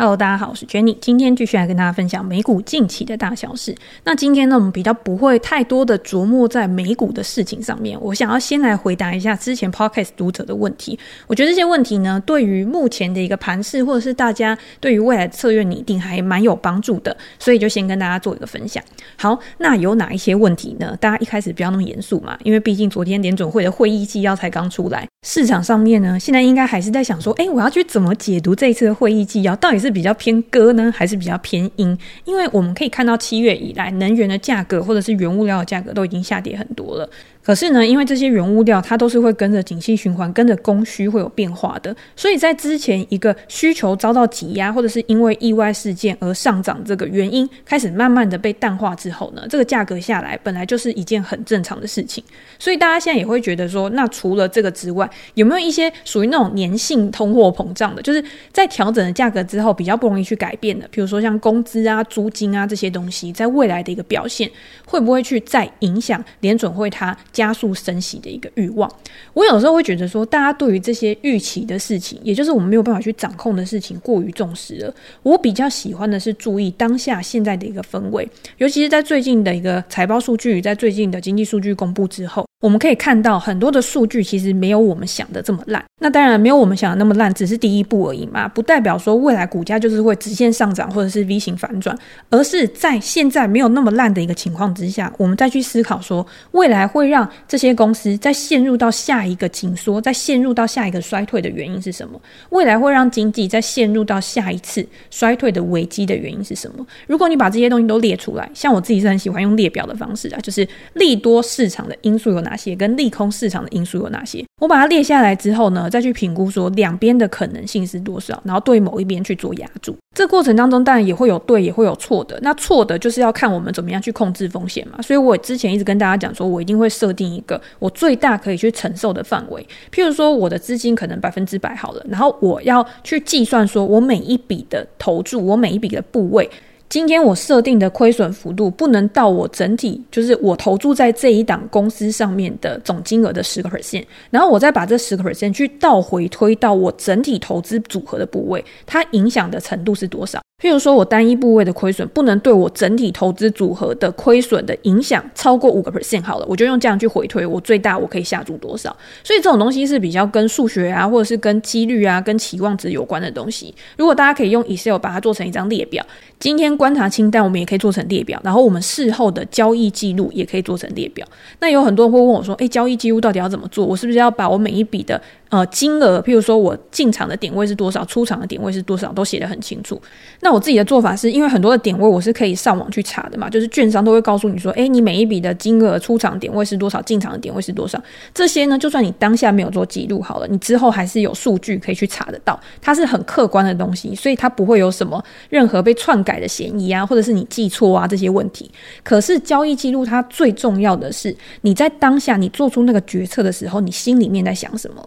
Hello，大家好，我是 Jenny，今天繼續來跟大家分享美股近期的大小事。那今天呢，我們比較不會太多的琢磨，在美股的事情上面。我想要先來回答一下之前 Podcast 讀者的問題。我覺得這些問題呢，對於目前的一個盤勢，或者是大家對於未來的策略擬定，還蠻有幫助的。所以就先跟大家做一個分享。好，那有哪一些問題呢？大家一開始不要那麼嚴肅嘛，因為畢竟昨天聯準會的會議紀要才剛出來，市場上面呢，現在應該還是在想說，哎、欸，我要去怎麼解讀這一次的會議紀要，到底是？是比較偏鴿呢，還是比較偏鷹？因為我們可以看到，七月以來，能源的價格或者是原物料的價格都已經下跌很多了。可是呢，因為這些原物料它都是會跟着景氣循環、跟着供需會有變化的，所以在之前一個需求遭到擠壓，或者是因為意外事件而上漲這個原因開始慢慢的被淡化之後呢，這個價格下來本來就是一件很正常的事情，所以大家現在也會覺得說，那除了這個之外，有沒有一些屬於那種粘性通貨膨脹的，就是在調整的價格之後比較不容易去改變的，比如說像工資啊、租金啊這些東西，在未來的一個表現會不會去再影響聯準會它加速升息的一個慾望，我有時候會覺得說，大家對於這些預期的事情，也就是我們沒有辦法去掌控的事情，過於重視了。我比較喜歡的是注意當下現在的一個氛圍，尤其是在最近的一個財報數據，在最近的經濟數據公布之後。我們可以看到很多的數據其實沒有我們想的這麼爛。那當然沒有我們想的那麼爛，只是第一步而已嘛，不代表說未來股價就是會直線上漲或者是 V 型反轉，而是在現在沒有那麼爛的一個情況之下，我們再去思考說未來會讓這些公司再陷入到下一個緊縮、再陷入到下一個衰退的原因是什麼？未來會讓經濟再陷入到下一次衰退的危機的原因是什麼？如果你把這些東西都列出來，像我自己是很喜歡用列表的方式啊，就是利多市場的因素有哪？哪些跟利空市場的因素有哪些？我把它列下來之後呢，再去評估說兩邊的可能性是多少，然後對某一邊去做押注。這過程當中當然也會有對，也會有錯的。那錯的就是要看我們怎麼樣去控制風險嘛。所以我之前一直跟大家講說，我一定會設定一個我最大可以去承受的範圍。譬如說我的資金可能百分之百好了，然後我要去計算說我每一筆的投注，我每一筆的部位。今天我設定的虧損幅度不能到我整體，就是我投注在這一檔公司上面的總金額的十個 percent，然後我再把這十個 percent 去倒回推到我整體投資組合的部位，它影響的程度是多少？譬如說我單一部位的虧損不能對我整體投資組合的虧損的影響超過五個 percent，好了，我就用這樣去回推我最大我可以下注多少。所以這種東西是比較跟數學啊，或者是跟幾率啊、跟期望值有關的東西。如果大家可以用 Excel 把它做成一張列表，今天。觀察清單，我們也可以做成列表，然後我們事後的交易記錄也可以做成列表。那有很多人會問我說：“誒、欸，交易記錄到底要怎麼做？我是不是要把我每一筆的？”呃，金額，譬如說我進場的點位是多少，出場的點位是多少，都寫得很清楚。那我自己的做法是，因為很多的點位我是可以上網去查的嘛，就是券商都會告訴你說，誒，你每一筆的金額，出場點位是多少，進場的點位是多少，這些呢，就算你當下沒有做記錄好了，你之後還是有數據可以去查得到，它是很客觀的東西，所以它不會有什麼任何被篡改的嫌疑啊，或者是你記錯啊這些問題。可是交易記錄它最重要的是，你在當下你做出那個決策的時候，你心裡面在想什麼？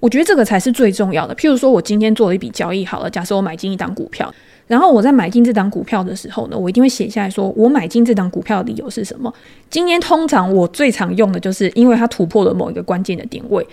我覺得這個才是最重要的。譬如說，我今天做了一筆交易，好了，假設我買進一檔股票，然後我在買進這檔股票的時候呢，我一定會寫下來說，我買進這檔股票的理由是什麼？今天通常我最常用的就是因為它突破了某一個關鍵的點位。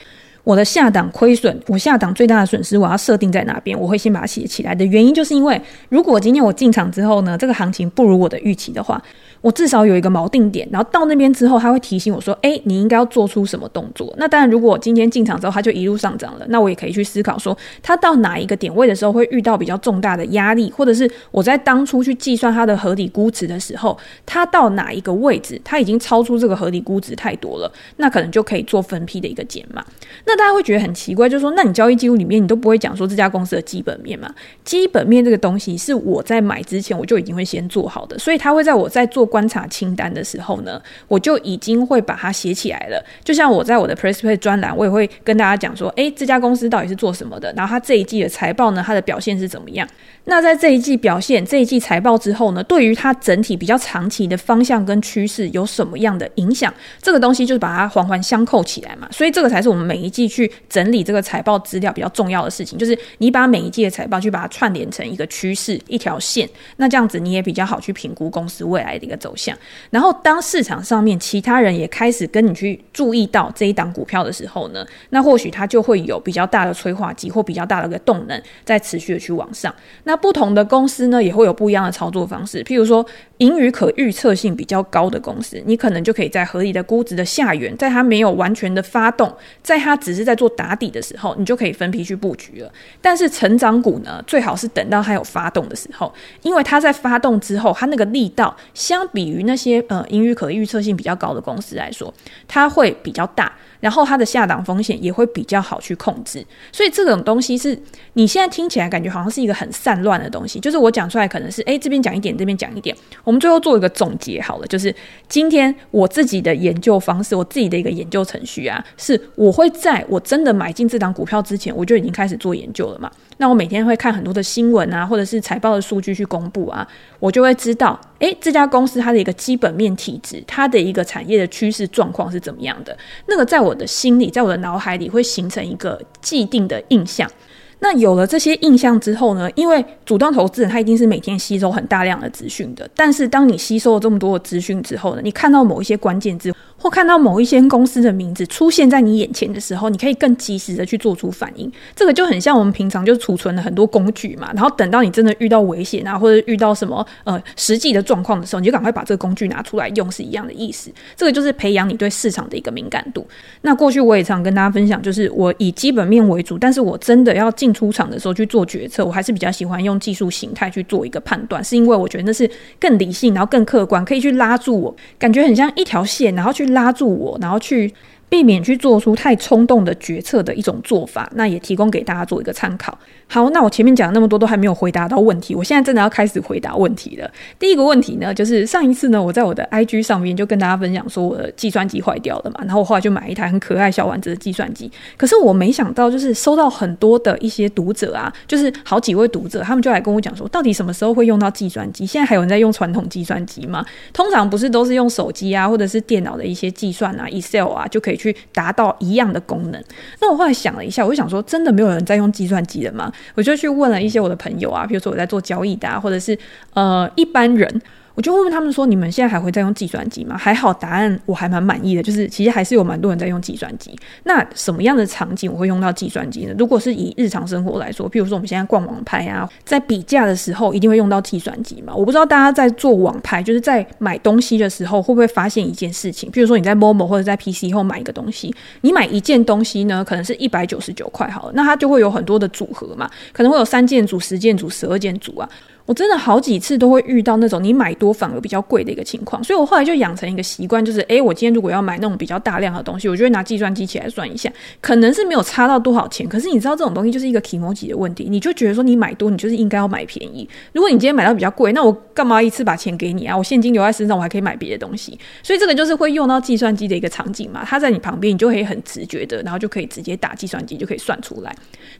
我的下檔虧損，我下檔最大的損失，我要設定在哪邊？我會先把它寫起來的原因，就是因為如果今天我進場之後呢，這個行情不如我的預期的話。我至少有一個錨定點，然後到那邊之後，他會提醒我說：“誒，你應該要做出什麼動作。”那當然，如果今天進場之後，它就一路上漲了，那我也可以去思考說，它到哪一個點位的時候會遇到比較重大的壓力，或者是我在當初去計算它的合理估值的時候，它到哪一個位置，它已經超出這個合理估值太多了，那可能就可以做分批的一個減碼。那大家會覺得很奇怪，就是說，那你交易記錄裡面你都不會講說這家公司的基本面嘛？基本面這個東西是我在買之前我就已經會先做好的，所以他會在我在做。觀察清單的時候呢，我就已經會把它寫起來了。就像我在我的 PressPlay 專欄，我也會跟大家講說，誒，這家公司到底是做什麼的？然後它這一季的財報呢，它的表現是怎麼樣？那在這一季表現、這一季財報之後呢，對於它整體比較長期的方向跟趨勢有什麼樣的影響？這個東西就是把它環環相扣起來嘛。所以這個才是我們每一季去整理這個財報資料比較重要的事情，就是你把每一季的財報去把它串聯成一個趨勢、一條線，那這樣子你也比較好去評估公司未來的一個。走向，然後當市場上面其他人也開始跟你去注意到這一檔股票的時候呢，那或許它就會有比較大的催化劑或比較大的個動能，再持續的去往上。那不同的公司呢，也會有不一樣的操作方式。譬如說，盈餘可預測性比較高的公司，你可能就可以在合理的估值的下緣，在它沒有完全的發動，在它只是在做打底的時候，你就可以分批去布局了。但是成長股呢，最好是等到它有發動的時候，因為它在發動之後，它那個力道相。相比於那些呃盈餘可預測性比較高的公司來說，它會比較大，然後它的下檔風險也會比較好去控制。所以這種東西是你現在聽起來感覺好像是一個很散亂的東西，就是我講出來可能是哎這邊講一點，這邊講一點。我們最後做一個總結好了，就是今天我自己的研究方式，我自己的一個研究程序啊，是我會在我真的買進這檔股票之前，我就已經開始做研究了嘛。那我每天會看很多的新聞啊，或者是財報的數據去公布啊，我就會知道，誒，這家公司它的一個基本面體質，它的一個產業的趨勢狀況是怎麼樣的。那個在我的心裡，在我的腦海裡會形成一個既定的印象。那有了這些印象之後呢，因為主動投資人他一定是每天吸收很大量的資訊的，但是當你吸收了這麼多的資訊之後呢，你看到某一些關鍵字。或看到某一些公司的名字出現在你眼前的時候，你可以更及時的去做出反應。這個就很像我們平常就儲存了很多工具嘛，然後等到你真的遇到危險啊，或者遇到什麼呃實際的狀況的時候，你就趕快把這個工具拿出來用是一樣的意思。這個就是培養你對市場的一個敏感度。那過去我也常跟大家分享，就是我以基本面為主，但是我真的要進出場的時候去做決策，我還是比較喜歡用技術形態去做一個判斷，是因為我覺得那是更理性，然後更客觀，可以去拉住我，感覺很像一條線，然後去。拉住我，然後去避免去做出太衝動的決策的一種做法，那也提供給大家做一個參考。好，那我前面講了那麼多都還沒有回答到問題，我現在真的要開始回答問題了。第一個問題呢，就是上一次呢，我在我的 IG 上面就跟大家分享說我的計算機壞掉了嘛，然後我後來就買一台很可愛小丸子的計算機。可是我沒想到，就是收到很多的一些讀者啊，就是好幾位讀者，他們就來跟我講說，到底什麼時候會用到計算機？現在還有人在用傳統計算機嗎？通常不是都是用手機啊，或者是電腦的一些計算啊，Excel 啊，就可以去達到一樣的功能。那我後來想了一下，我就想說，真的沒有人在用計算機了嗎？我就去問了一些我的朋友啊，比如說我在做交易的啊，或者是呃，一般人。我就問問他們說：“你們現在還會再用計算機嗎？”還好，答案我還蠻滿意的，就是其實還是有蠻多人在用計算機。那什麼樣的場景我會用到計算機呢？如果是以日常生活來說，譬如說我們現在逛網拍啊，在比價的時候一定會用到計算機嘛。我不知道大家在做網拍，就是在買東西的時候會不會發現一件事情？譬如說你在 MOMO 或者在 PChome 買一個東西，你買一件東西呢，可能是一百九十九塊好了，那它就會有很多的組合嘛，可能會有三件組、十件組、十二件組啊。我真的好幾次都會遇到那種你買多反而比較貴的一個情況，所以我後來就養成一個習慣，就是誒、欸，我今天如果要買那種比較大量的東西，我就會拿計算機起來算一下，可能是沒有差到多少錢，可是你知道這種東西就是一個 kimochi 的問題，你就覺得說你買多你就是應該要買便宜，如果你今天買到比較貴，那我幹嘛一次把錢給你啊？我現金留在身上，我還可以買別的東西，所以這個就是會用到計算機的一個場景嘛，它在你旁邊，你就可以很直覺的，然後就可以直接打計算機就可以算出來。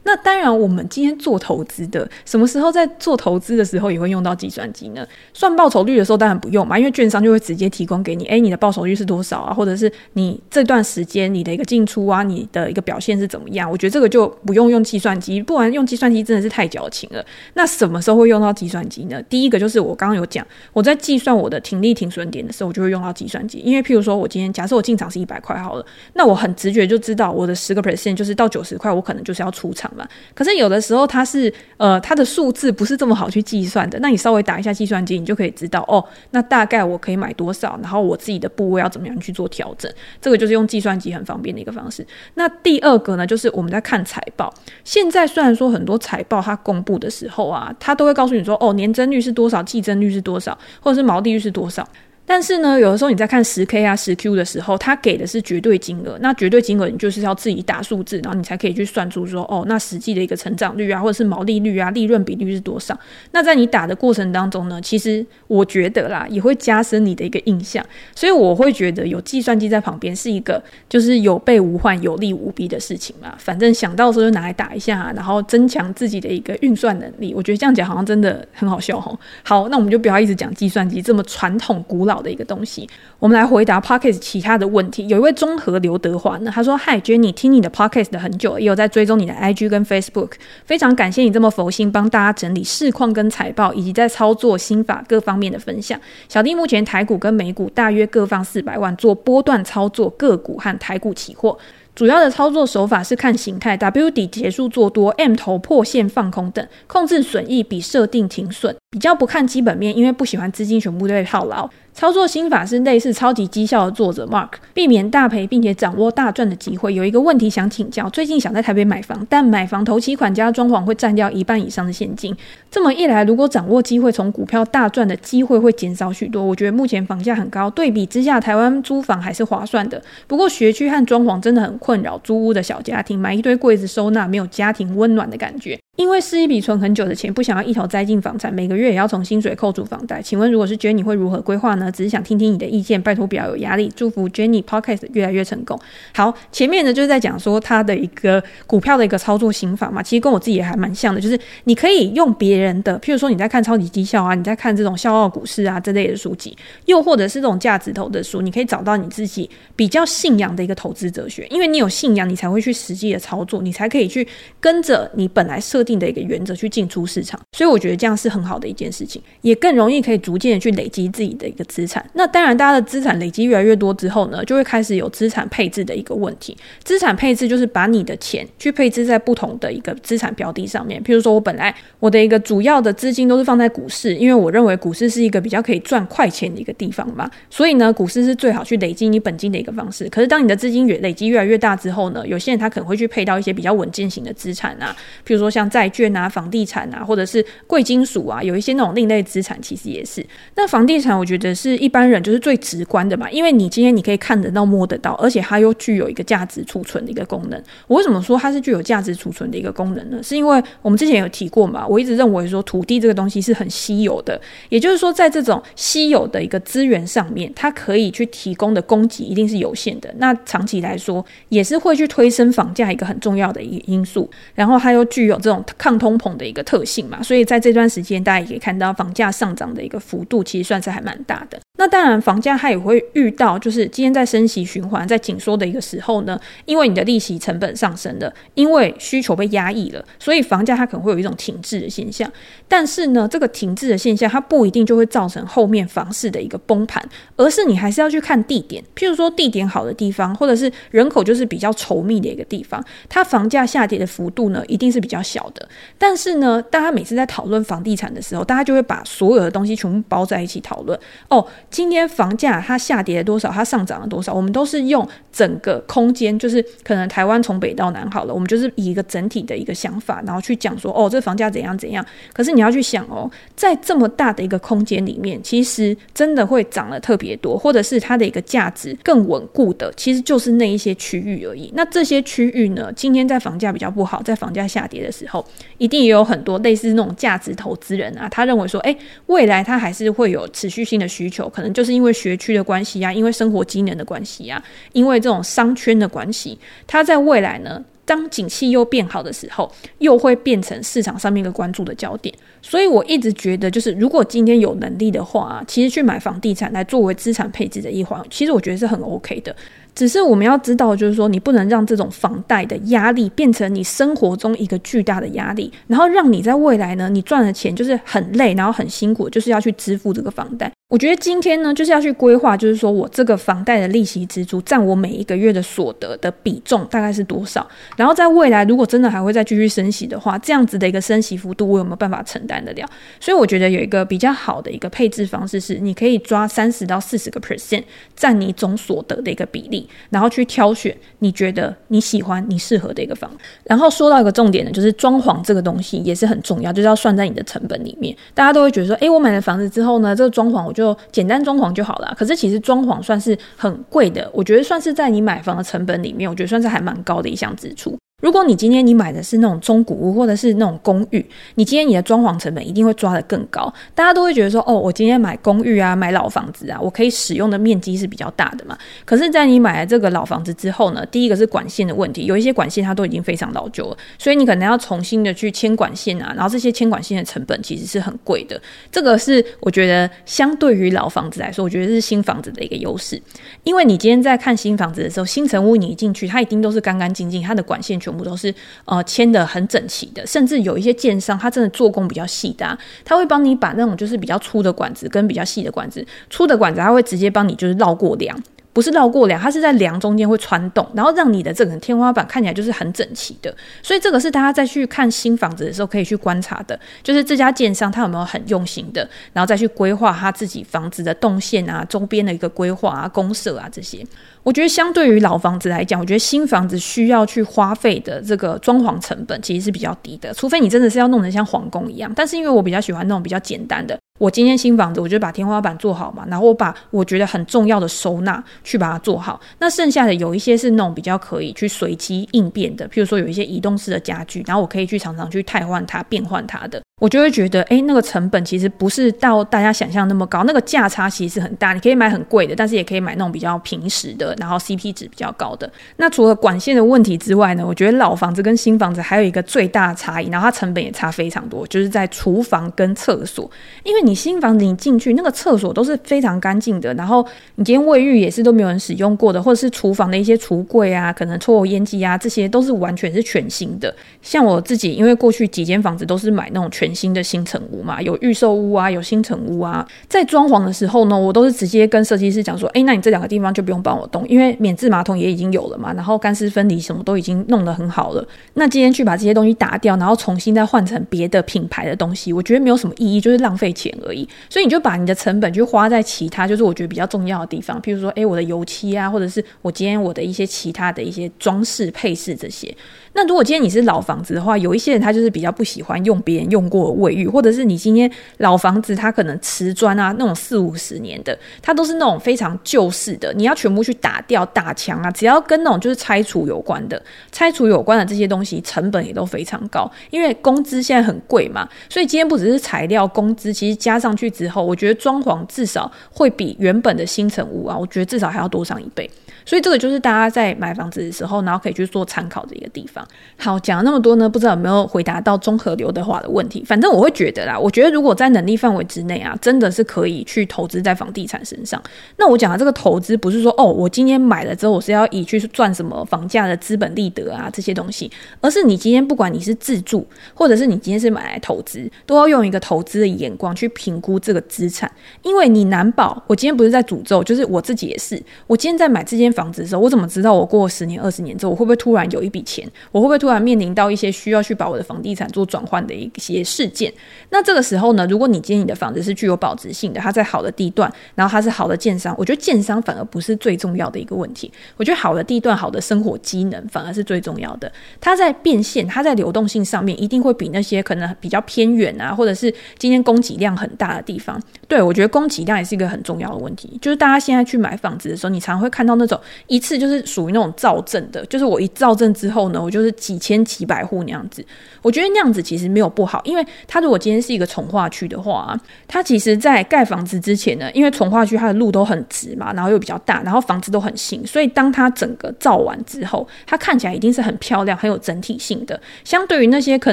那當然，我們今天做投資的，什麼時候在做投資的時候，之後也會用到計算機呢？算報酬率的時候當然不用嘛，因為券商就會直接提供給你，哎，你的報酬率是多少啊？或者是你這段時間你的一個進出啊，你的一個表現是怎麼樣？我覺得這個就不用用計算機，不然用計算機真的是太矯情了。那什麼時候會用到計算機呢？第一個就是我剛剛有講，我在計算我的停利停損點的時候，我就會用到計算機，因為譬如說我今天假設我進場是一百塊好了，那我很直覺就知道我的十個 percent 就是到九十塊，我可能就是要出場嘛。可是有的時候它是呃它的數字不是這麼好去計算。計算的，那你稍微打一下計算機，你就可以知道哦，那大概我可以買多少，然後我自己的部位要怎麼樣去做調整，這個就是用計算機很方便的一個方式。那第二個呢，就是我們在看財報。現在雖然說很多財報它公布的時候啊，它都會告訴你說，哦，年增率是多少，季增率是多少，或者是毛利率是多少。但是呢，有的時候你在看十 K 啊、十 Q 的時候，它給的是絕對金額，那絕對金額你就是要自己打數字，然後你才可以去算出說，哦，那實際的一個成長率啊，或者是毛利率啊、利潤比率是多少。那在你打的過程當中呢，其實我覺得啦，也會加深你的一個印象。所以我會覺得有計算機在旁邊是一個就是有備無患、有利無弊的事情嘛。反正想到的時候就拿來打一下啊，然後增強自己的一個運算能力。我覺得這樣講好像真的很好笑齁。好，那我們就不要一直講計算機這麼傳統古老。好的一個東西，我們來回答 Podcast 其他的問題。有一位綜合劉德華呢，他說：“嗨，Jenny，聽你的 Podcast 的很久了，也有在追蹤你的 IG 跟 Facebook，非常感謝你這麼佛心幫大家整理市況跟財報，以及在操作心法各方面的分享。小弟目前台股跟美股大約各放四百萬做波段操作，個股和台股期貨，主要的操作手法是看形態 W 底結束做多，M 頭破線放空等，控制損益比設定停損。”比較不看基本面，因為不喜歡資金全部被套牢。操作心法是類似超級績效的作者 Mark，避免大賠，並且掌握大賺的機會。有一個問題想請教：最近想在台北買房，但買房、頭期款加裝潢會占掉一半以上的現金。這麼一來，如果掌握機會，從股票大賺的機會會減少許多。我覺得目前房價很高，對比之下，台灣租房還是划算的。不過學區和裝潢真的很困擾租屋的小家庭，買一堆櫃子收納，沒有家庭溫暖的感覺。因為是一筆存很久的錢，不想要一頭栽進房產，每個月也要從薪水扣除房貸。請問如果是 Jenny，你會如何規劃呢？只是想聽聽你的意見，拜托不要有壓力，祝福 Jenny Podcast 越來越成功。好，前面呢就是在講說他的一個股票的一個操作心法嘛，其實跟我自己也還蠻像的，就是你可以用別人的，譬如說你在看超級績效啊，你在看這種笑傲股市啊這類的書籍，又或者是這種價值投的書，你可以找到你自己比較信仰的一個投資哲學，因為你有信仰，你才會去實際的操作，你才可以去跟着你本來設計的定的一個原則去進出市場，所以我覺得這樣是很好的一件事情，也更容易可以逐漸的去累積自己的一個資產。那當然，大家的資產累積越來越多之後呢，就會開始有資產配置的一個問題。資產配置就是把你的錢去配置在不同的一個資產標的上面。比如說，我本來我的一個主要的資金都是放在股市，因為我認為股市是一個比較可以賺快錢的一個地方嘛。所以呢，股市是最好去累積你本金的一個方式。可是當你的資金越累積越來越大之後呢，有些人他可能會去配到一些比較穩健型的資產啊，比如說像。債券啊，房地產啊，或者是貴金屬啊，有一些那種另類資產，其實也是。那房地產，我覺得是一般人就是最直觀的嘛，因為你今天你可以看得到、摸得到，而且它又具有一個價值儲存的一個功能。我為什麼說它是具有價值儲存的一個功能呢？是因為我們之前有提過嘛，我一直認為說土地這個東西是很稀有的，也就是說，在這種稀有的一個資源上面，它可以去提供的供給一定是有限的。那長期來說，也是會去推升房價一個很重要的一個因素。然後它又具有這種。抗通膨的一個特性嘛，所以在這段時間，大家也可以看到房價上漲的一個幅度，其實算是還蠻大的。那當然，房價它也會遇到，就是今天在升息循環、在緊縮的一個時候呢，因為你的利息成本上升了，因為需求被壓抑了，所以房價它可能會有一種停滯的現象。但是呢，這個停滯的現象，它不一定就會造成後面房市的一個崩盤，而是你還是要去看地點，譬如說地點好的地方，或者是人口就是比較稠密的一個地方，它房價下跌的幅度呢，一定是比較小的。但是呢，大家每次在討論房地產的時候，大家就會把所有的東西全部包在一起討論。哦，今天房價它下跌了多少？它上漲了多少？我們都是用整個空間，就是可能台灣從北到南好了，我們就是以一個整體的一個想法，然後去講說，哦，這房價怎樣怎樣。可是你要去想哦，在這麼大的一個空間裡面，其實真的會漲得特別多，或者是它的一個價值更穩固的，其實就是那一些區域而已。那這些區域呢，今天在房價比較不好，在房價下跌的時候，一定也有很多類似那種價值投資人啊，他認為說，誒、欸，未來它還是會有持續性的需求，可能就是因為學區的關係啊，因為生活機能的關係啊，因為這種商圈的關係，它在未來呢，當景氣又變好的時候，又會變成市場上面一個關注的焦點。所以我一直覺得，就是如果今天有能力的話，啊，其實去買房地產來作為資產配置的一環，其實我覺得是很 OK 的。只是我們要知道，就是說你不能讓這種房貸的壓力變成你生活中一個巨大的壓力，然後讓你在未來呢，你賺的錢就是很累，然後很辛苦，就是要去支付這個房貸。我覺得今天呢，就是要去規劃，就是說我這個房貸的利息支出占我每一個月的所得的比重大概是多少。然後在未來，如果真的還會再繼續升息的話，這樣子的一個升息幅度，我有沒有辦法承擔得了？所以我覺得有一個比較好的一個配置方式是，你可以抓三十到四十個 percent 占你總所得的一個比例。然後去挑選你覺得你喜歡、你適合的一個房子。然後說到一個重點呢，就是裝潢這個東西也是很重要，就是要算在你的成本裡面。大家都會覺得說，誒，我買了房子之後呢，這個裝潢我就簡單裝潢就好了。可是其實裝潢算是很貴的，我覺得算是在你買房的成本裡面，我覺得算是還蠻高的一項支出。如果你今天你買的是那種中古屋或者是那種公寓，你今天你的裝潢成本一定會抓得更高。大家都會覺得說，哦，我今天買公寓啊，買老房子啊，我可以使用的面積是比較大的嘛。可是，在你買了這個老房子之後呢，第一個是管線的問題，有一些管線它都已經非常老舊了，所以你可能要重新的去牽管線啊，然後這些牽管線的成本其實是很貴的。這個是我覺得相對於老房子來說，我覺得這是新房子的一個優勢，因為你今天在看新房子的時候，新成屋你一進去，它一定都是乾乾淨淨，它的管線全。都是呃，簽的很整齊的，甚至有一些建商，他真的做工比較細的，啊，他會幫你把那種就是比較粗的管子跟比較細的管子，粗的管子他會直接幫你就是繞過樑。不是繞過樑，它是在樑中間會穿洞，然後讓你的這個天花板看起來就是很整齊的。所以這個是大家再去看新房子的時候可以去觀察的，就是這家建商他有沒有很用心的，然後再去規劃他自己房子的動線啊、週邊的一個規劃啊、公設啊這些。我覺得相對於老房子來講，我覺得新房子需要去花費的這個裝潢成本其實是比較低的，除非你真的是要弄得像皇宮一樣。但是因為我比較喜歡那種比較簡單的。我今天新房子，我就把天花板做好嘛，然後我把我覺得很重要的收納去把它做好。那剩下的有一些是那種比較可以去隨機應變的，譬如說有一些移動式的家具，然後我可以去常常去替換它、變換它的。我就會覺得，哎、欸，那個成本其實不是到大家想象那麼高，那個價差其實是很大。你可以買很貴的，但是也可以買那種比較平實的，然後 CP 值比較高的。那除了管線的問題之外呢，我覺得老房子跟新房子還有一個最大差異，然後它成本也差非常多，就是在廚房跟廁所。因為你新房子你進去，那個廁所都是非常乾淨的，然後你今天衛浴也是都沒有人使用過的，或者是廚房的一些櫥櫃啊，可能抽油煙機啊，這些都是完全是全新的。像我自己，因為過去幾間房子都是買那種全新的。新的新成屋嘛，有預售屋啊，有新成屋啊。在裝潢的時候呢，我都是直接跟設計師講說：“哎、欸，那你這兩個地方就不用幫我動，因為免治馬桶也已經有了嘛，然後乾濕分離什麼都已經弄得很好了。那今天去把這些東西打掉，然後重新再換成別的品牌的東西，我覺得沒有什麼意義，就是浪費錢而已。所以你就把你的成本就花在其他，就是我覺得比較重要的地方，譬如說，哎、欸，我的油漆啊，或者是我今天我的一些其他的一些裝飾配飾這些。那如果今天你是老房子的話，有一些人他就是比較不喜歡用別人用。或衛浴，或者是你今天老房子，它可能瓷磚啊那種四五十年的，它都是那種非常舊式的，你要全部去打掉、打牆啊，只要跟那種就是拆除有關的，拆除有關的這些東西，成本也都非常高，因為工資現在很貴嘛，所以今天不只是材料工資，其實加上去之後，我覺得裝潢至少會比原本的新成屋啊，我覺得至少還要多上一倍。所以這個就是大家在買房子的時候，然後可以去做參考的一個地方。好，講了那麼多呢，不知道有沒有回答到綜合劉德華的問題。反正我會覺得啦，我覺得如果在能力範圍之內啊，真的是可以去投資在房地產身上。那我講的這個投資不是說哦，我今天買了之後我是要以去賺什麼房價的資本利得啊這些東西，而是你今天不管你是自住，或者是你今天是買來投資，都要用一個投資的眼光去評估這個資產，因為你難保我今天不是在詛咒，就是我自己也是，我今天在買這間。房子的時候，我怎麼知道我過十年、二十年之後，我會不會突然有一筆錢？我會不會突然面臨到一些需要去把我的房地產做轉換的一些事件？那這個時候呢，如果你今天你的房子是具有保值性的，它在好的地段，然後它是好的建商，我覺得建商反而不是最重要的一個問題。我覺得好的地段、好的生活機能反而是最重要的。它在變現、它在流動性上面，一定會比那些可能比較偏遠啊，或者是今天供給量很大的地方。對，我覺得供給量也是一個很重要的問題。就是大家現在去買房子的時候，你常會看到那種。一次就是屬於那種造鎮的，就是我一造鎮之後呢，我就是幾千幾百戶那樣子。我覺得那樣子其實沒有不好，因為它如果今天是一個重劃區的話、啊，它其實，在蓋房子之前呢，因為重劃區它的路都很直嘛，然後又比較大，然後房子都很新，所以當它整個造完之後，它看起來一定是很漂亮、很有整體性的。相對於那些可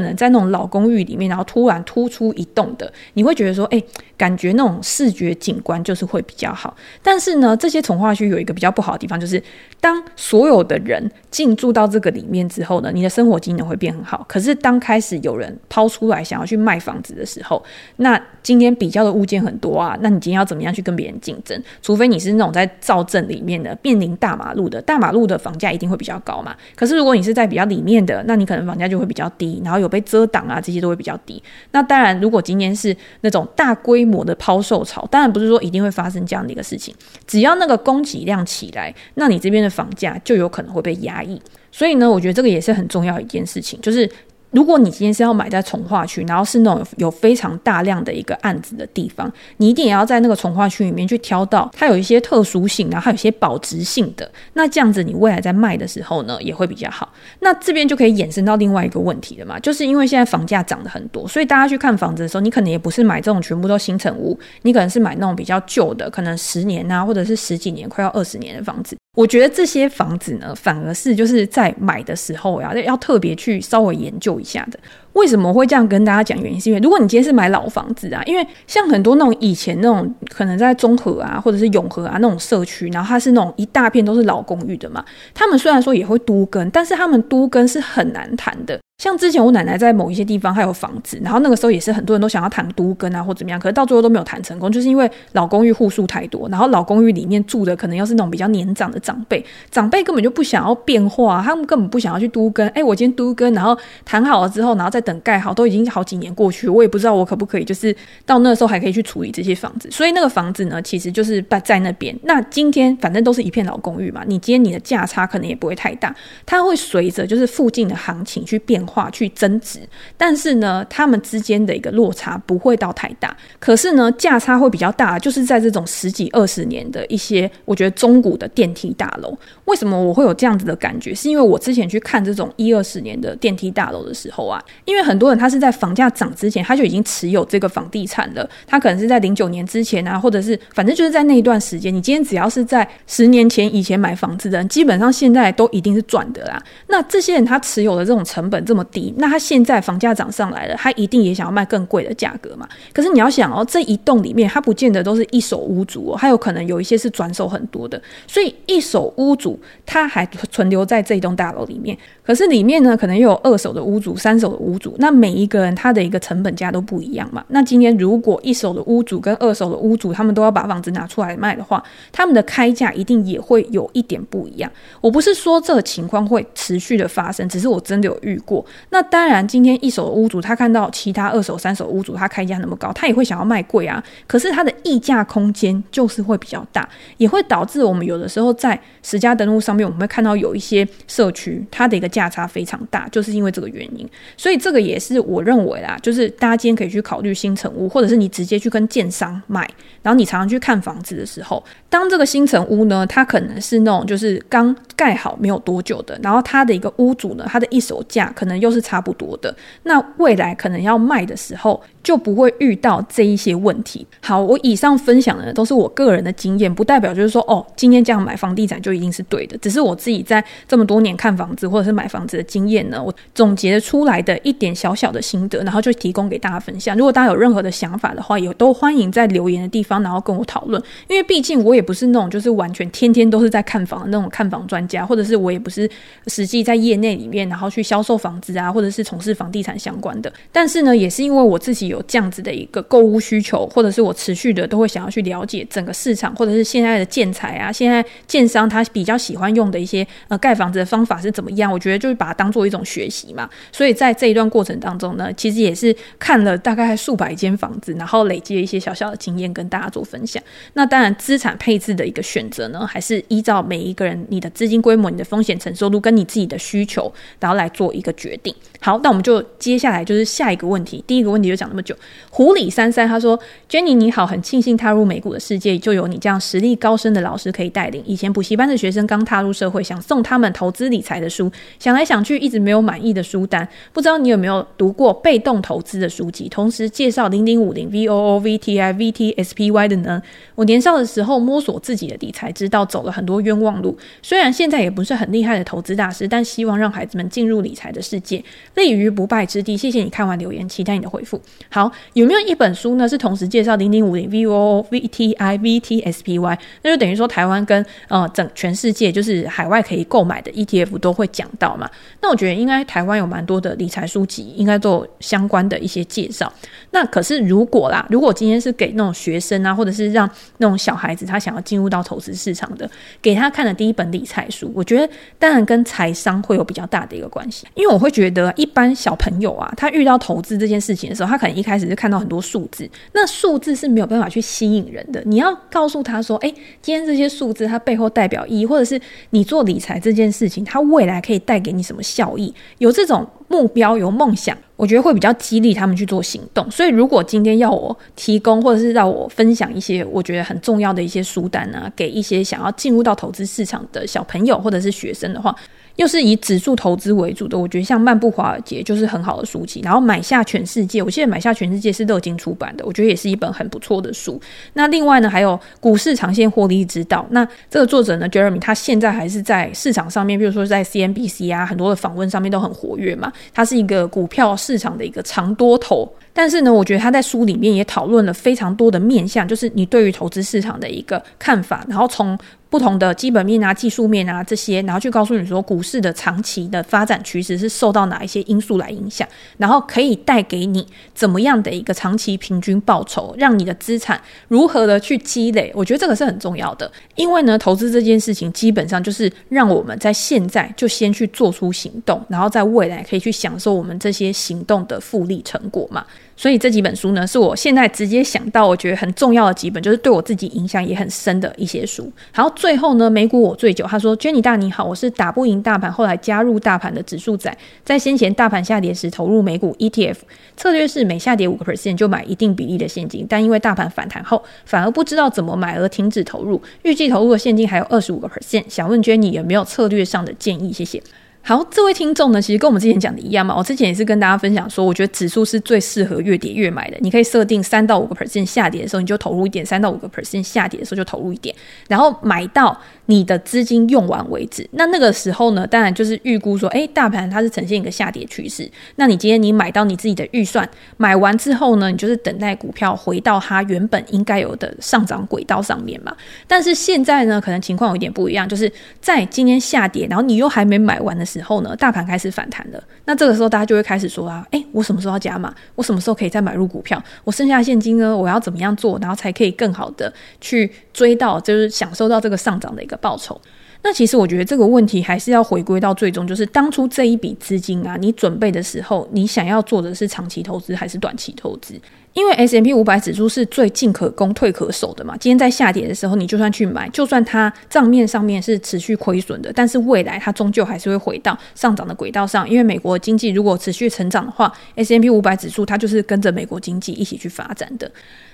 能在那種老公寓裡面，然後突然突出一棟的，你會覺得說，哎、欸，感覺那種視覺景觀就是會比較好。但是呢，這些重劃區有一個比較不好的地方。就是當所有的人進駐到這個裡面之後呢，你的生活機能會變很好。可是當開始有人拋出來想要去賣房子的時候，那今天比較的物件很多啊，那你今天要怎麼樣去跟別人競爭？除非你是那種在造鎮裡面的，面臨大馬路的，大馬路的房價一定會比較高嘛。可是如果你是在比較裡面的，那你可能房價就會比較低，然後有被遮擋啊，這些都會比較低。那當然，如果今天是那種大規模的拋售潮，當然不是說一定會發生這樣的一個事情，只要那個供給量起來，那你這邊的房價就有可能會被壓抑，所以呢，我覺得這個也是很重要一件事情，就是。如果你今天是要買在重劃區，然後是那種有非常大量的一個案子的地方，你一定也要在那個重劃區裡面去挑到它有一些特殊性，然後它有一些保值性的，那這樣子，你未來在賣的時候呢，也會比較好。那這邊就可以衍生到另外一個問題了嘛，就是因為現在房價漲得很多，所以大家去看房子的時候，你可能也不是買這種全部都新成屋，你可能是買那種比較舊的，可能十年啊，或者是十幾年快要二十年的房子。我覺得這些房子呢，反而是就是在買的時候呀、啊，要特別去稍微研究一下的。為什麼會這樣跟大家講？原因是因為，如果你今天是買老房子啊，因為像很多那種以前那種可能在中和啊，或者是永和啊那種社區，然後它是那種一大片都是老公寓的嘛，他們雖然說也會都更，但是他們都更是很難談的。像之前我奶奶在某一些地方還有房子，然後那個時候也是很多人都想要談都更啊或怎麼樣，可是到最後都沒有談成功，就是因為老公寓戶數太多，然後老公寓裡面住的可能又是那種比較年長的長輩，長輩根本就不想要變化、啊，他們根本不想要去都更，哎、欸，我今天都更，然後談好了之後，然後再等蓋好，都已經好幾年過去，我也不知道我可不可以就是到那個時候還可以去處理這些房子，所以那個房子呢，其實就是擺在那邊。那今天反正都是一片老公寓嘛，你今天你的價差可能也不會太大，它會隨着就是附近的行情去變化。化去增值，但是呢，他們之間的一個落差不會到太大，可是呢，價差會比較大，就是在這種十幾二十年的一些，我覺得中古的電梯大樓。為什麼我會有這樣子的感覺？是因為我之前去看這種一二十年的電梯大樓的時候啊，因為很多人他是在房價漲之前，他就已經持有這個房地產了，他可能是在零九年之前啊，或者是反正就是在那一段時間，你今天只要是在十年前以前買房子的人，基本上現在都一定是賺的啦。那這些人他持有的這種成本這麼低，那他現在房價漲上來了，他一定也想要賣更貴的價格嘛。可是你要想哦，這一棟裡面它不見得都是一手屋主哦，它有可能有一些是轉手很多的，所以一手屋主。它還存留在這一棟大樓裡面，可是裡面呢，可能又有二手的屋主、三手的屋主，那每一個人他的一個成本價都不一樣嘛。那今天如果一手的屋主跟二手的屋主他們都要把房子拿出來賣的話，他們的開價一定也會有一點不一樣。我不是說這情況會持續的發生，只是我真的有遇過。那當然，今天一手的屋主他看到其他二手、三手屋主他開價那麼高，他也會想要賣貴啊。可是他的溢價空間就是會比較大，也會導致我們有的時候在實價登。上面我們會看到有一些社區，它的一個價差非常大，就是因為這個原因。所以這個也是我認為啦，就是大家今天可以去考慮新成屋，或者是你直接去跟建商買。然後你常常去看房子的時候，當這個新成屋呢，它可能是那種就是剛蓋好沒有多久的，然後它的一個屋主呢，它的一手價可能又是差不多的。那未來可能要賣的時候，就不會遇到這一些問題。好，我以上分享的都是我個人的經驗，不代表就是說哦，今天這樣買房地產就一定是對的。只是我自己在這麼多年看房子或者是買房子的經驗呢，我總結出來的一點小小的心得，然後就提供給大家分享。如果大家有任何的想法的話，也都歡迎在留言的地方然後跟我討論。因為畢竟我也不是那種就是完全天天都是在看房的那種看房專家，或者是我也不是實際在業內裡面然後去銷售房子啊，或者是從事房地產相關的。但是呢，也是因為我自己。有這樣子的一個購物需求，或者是我持續的都會想要去了解整個市場，或者是現在的建材啊，現在建商他比較喜歡用的一些呃蓋房子的方法是怎麼樣？我覺得就是把它當做一種學習嘛。所以在這一段過程當中呢，其實也是看了大概數百間房子，然後累積了一些小小的經驗跟大家做分享。那當然資產配置的一個選擇呢，還是依照每一個人你的資金規模、你的風險承受度跟你自己的需求，然後來做一個決定。好，那我們就接下來就是下一個問題，第一個問題就講就胡裡三三他說，Jenny 你好，很慶幸踏入美股的世界，就有你這樣實力高深的老師可以帶領。以前補習班的學生剛踏入社會，想送他們投資理財的書，想來想去一直沒有滿意的書單，不知道你有沒有讀過被動投資的書籍？同時介紹零零五零 VOO、VTI、VT、SPY 的呢？我年少的時候摸索自己的理財之道，走了很多冤枉路。雖然現在也不是很厲害的投資大師，但希望讓孩子們進入理財的世界，立於不敗之地。謝謝你看完留言，期待你的回覆。好，有沒有一本書呢？是同時介紹0050 V O O V T I V T S P Y，那就等於說台灣跟呃整全世界就是海外可以購買的 ETF 都會講到嘛。那我覺得應該台灣有蠻多的理財書籍，應該做相關的一些介紹。那可是如果啦，如果今天是給那種學生啊，或者是讓那種小孩子他想要進入到投資市場的，給他看的第一本理財書，我覺得當然跟財商會有比較大的一個關係，因為我會覺得一般小朋友啊，他遇到投資這件事情的時候，他可能。一開始就看到很多數字，那數字是沒有辦法去吸引人的。你要告訴他說：“誒、欸，今天這些數字它背後代表意義，或者是你做理財這件事情，它未來可以帶給你什麼效益？有這種目標，有夢想，我覺得會比較激勵他們去做行動。所以，如果今天要我提供，或者是讓我分享一些我覺得很重要的一些書單啊，給一些想要進入到投資市場的小朋友或者是學生的話。”又是以指數投資為主的，我覺得像《漫步華爾街》就是很好的書籍，然後《買下全世界》，我記得《買下全世界》是樂金出版的，我覺得也是一本很不錯的書。那另外呢，還有《股市長線獲利之道》。那這個作者呢，Jeremy，他現在還是在市場上面，比如說在 CNBC 啊，很多的訪問上面都很活躍嘛。他是一個股票市場的一個長多頭，但是呢，我覺得他在書裡面也討論了非常多的面向，就是你對於投資市場的一個看法，然後從。不同的基本面啊、技術面啊這些，然後去告訴你說股市的長期的發展趨勢是受到哪一些因素來影響，然後可以帶給你怎麼樣的一個長期平均報酬，讓你的資產如何的去積累。我覺得這個是很重要的，因為呢，投資這件事情基本上就是讓我們在現在就先去做出行動，然後在未來可以去享受我們這些行動的複利成果嘛。所以這幾本書呢，是我現在直接想到，我覺得很重要的幾本，就是對我自己影響也很深的一些書。然後最後呢，美股我最久，他說：“Jenny 大你好，我是打不贏大盤，後來加入大盤的指數仔，在先前大盤下跌時投入美股 ETF，策略是每下跌五個 percent 就買一定比例的現金，但因為大盤反彈後反而不知道怎麼買而停止投入，預計投入的現金還有二十五個 percent，想問 Jenny 有沒有策略上的建議？謝謝。”好，這位聽眾呢，其實跟我們之前講的一樣嘛。我之前也是跟大家分享說，我覺得指數是最適合越跌越買的。你可以設定三到五個 percent 下跌的時候你就投入一點，三到五個 percent 下跌的時候就投入一點，然後買到你的資金用完為止。那那個時候呢，當然就是預估說，哎，大盤它是呈現一個下跌趨勢。那你今天你買到你自己的預算，買完之後呢，你就是等待股票回到它原本應該有的上漲軌道上面嘛。但是現在呢，可能情況有一點不一樣，就是在今天下跌，然後你又還沒買完的時候。時候呢，大盤開始反彈了。那這個時候，大家就會開始說啊，哎、欸，我什麼時候要加碼？我什麼時候可以再買入股票？我剩下的現金呢？我要怎麼樣做，然後才可以更好的去追到，就是享受到這個上漲的一個報酬。那其實我覺得這個問題還是要回歸到最終，就是當初這一筆資金啊，你準備的時候，你想要做的是長期投資還是短期投資？因為 S&P 500指數是最進可攻退可守的嘛。今天在下跌的時候，你就算去買，就算它賬面上面是持續虧損的，但是未來它終究還是會回到上漲的軌道上，因為美國經濟如果持續成長的話，S&P 500指數它就是跟着美國經濟一起去發展的。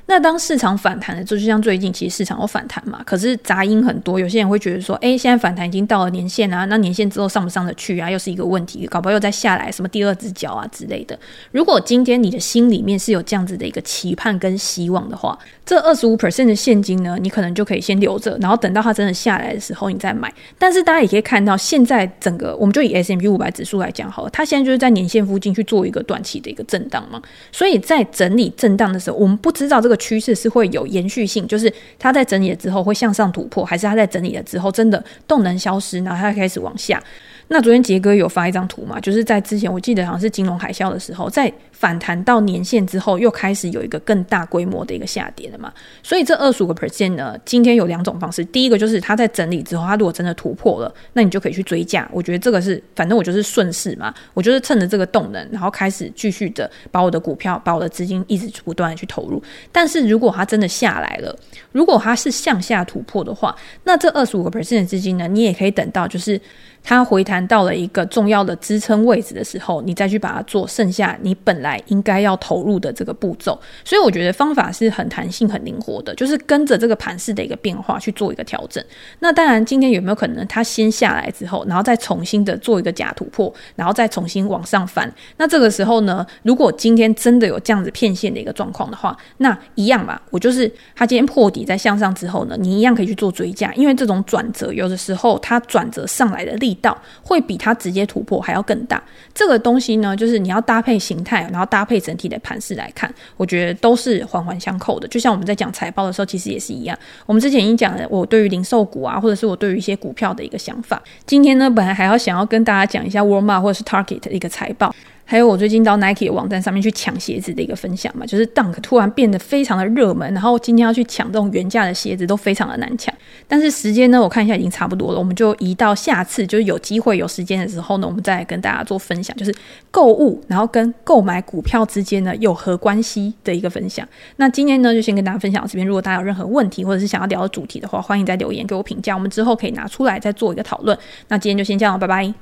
那當市場反彈的就是就像最近其實市場有反彈嘛，可是雜音很多，有些人會覺得說，哎、欸，現在反彈已經到了年線啊，那年線之後上不上得去啊，又是一個問題，搞不好又再下來，什麼第二隻腳啊之類的。如果今天你的心裡面是有這樣子的一個期盼跟希望的話，這二十五 percent 的現金呢，你可能就可以先留着，然後等到它真的下來的時候你再買。但是大家也可以看到，現在整個我們就以 S&P 500指數來講好了，它現在就是在年線附近去做一個短期的一個震盪嘛，所以在整理震盪的時候，我們不知道這個。趨勢是會有延續性，就是它在整理了之後會向上突破，還是它在整理了之後真的動能消失，然後它開始往下？那昨天傑哥有發一張圖嘛，就是在之前我記得好像是金融海嘯的時候，在反彈到年線之後，又開始有一個更大規模的一個下跌了嘛。所以這二十五個 percent 呢，今天有兩種方式。第一個就是它在整理之後，它如果真的突破了，那你就可以去追價。我覺得這個是，反正我就是順勢嘛，我就是趁着這個動能，然後開始繼續的把我的股票、把我的資金一直不斷的去投入。但是如果它真的下來了，如果它是向下突破的話，那這二十五個 percent 的資金呢，你也可以等到就是。它回彈到了一個重要的支撐位置的時候，你再去把它做剩下你本來應該要投入的這個步驟。所以我覺得方法是很彈性、很靈活的，就是跟着這個盤勢的一個變化去做一個調整。那當然，今天有沒有可能它先下來之後，然後再重新的做一個假突破，然後再重新往上翻？那這個時候呢，如果今天真的有這樣子騙線的一個狀況的話，那一樣嘛，我就是它今天破底再向上之後呢，你一樣可以去做追加，因為這種轉折有的時候它轉折上來的力。到會比它直接突破還要更大。這個東西呢，就是你要搭配形態，然後搭配整體的盤勢來看，我覺得都是環環相扣的。就像我們在講財報的時候，其實也是一樣。我們之前已經講了，我對於零售股啊，或者是我對於一些股票的一個想法。今天呢，本來還要想要跟大家講一下 Walmart 或者是 Target 的一個財報。還有我最近到 Nike 網站上面去搶鞋子的一個分享嘛，就是 Dunk 突然變得非常的熱門，然後今天要去搶這種原價的鞋子都非常的難搶。但是時間呢，我看一下已經差不多了，我們就移到下次就有機會有時間的時候呢，我們再來跟大家做分享，就是購物然後跟購買股票之間呢，有何關係的一個分享。那今天呢，就先跟大家分享到這邊，如果大家有任何問題或者是想要聊的主題的話，歡迎在留言給我評價，我們之後可以拿出來再做一個討論。那今天就先這樣了，拜拜。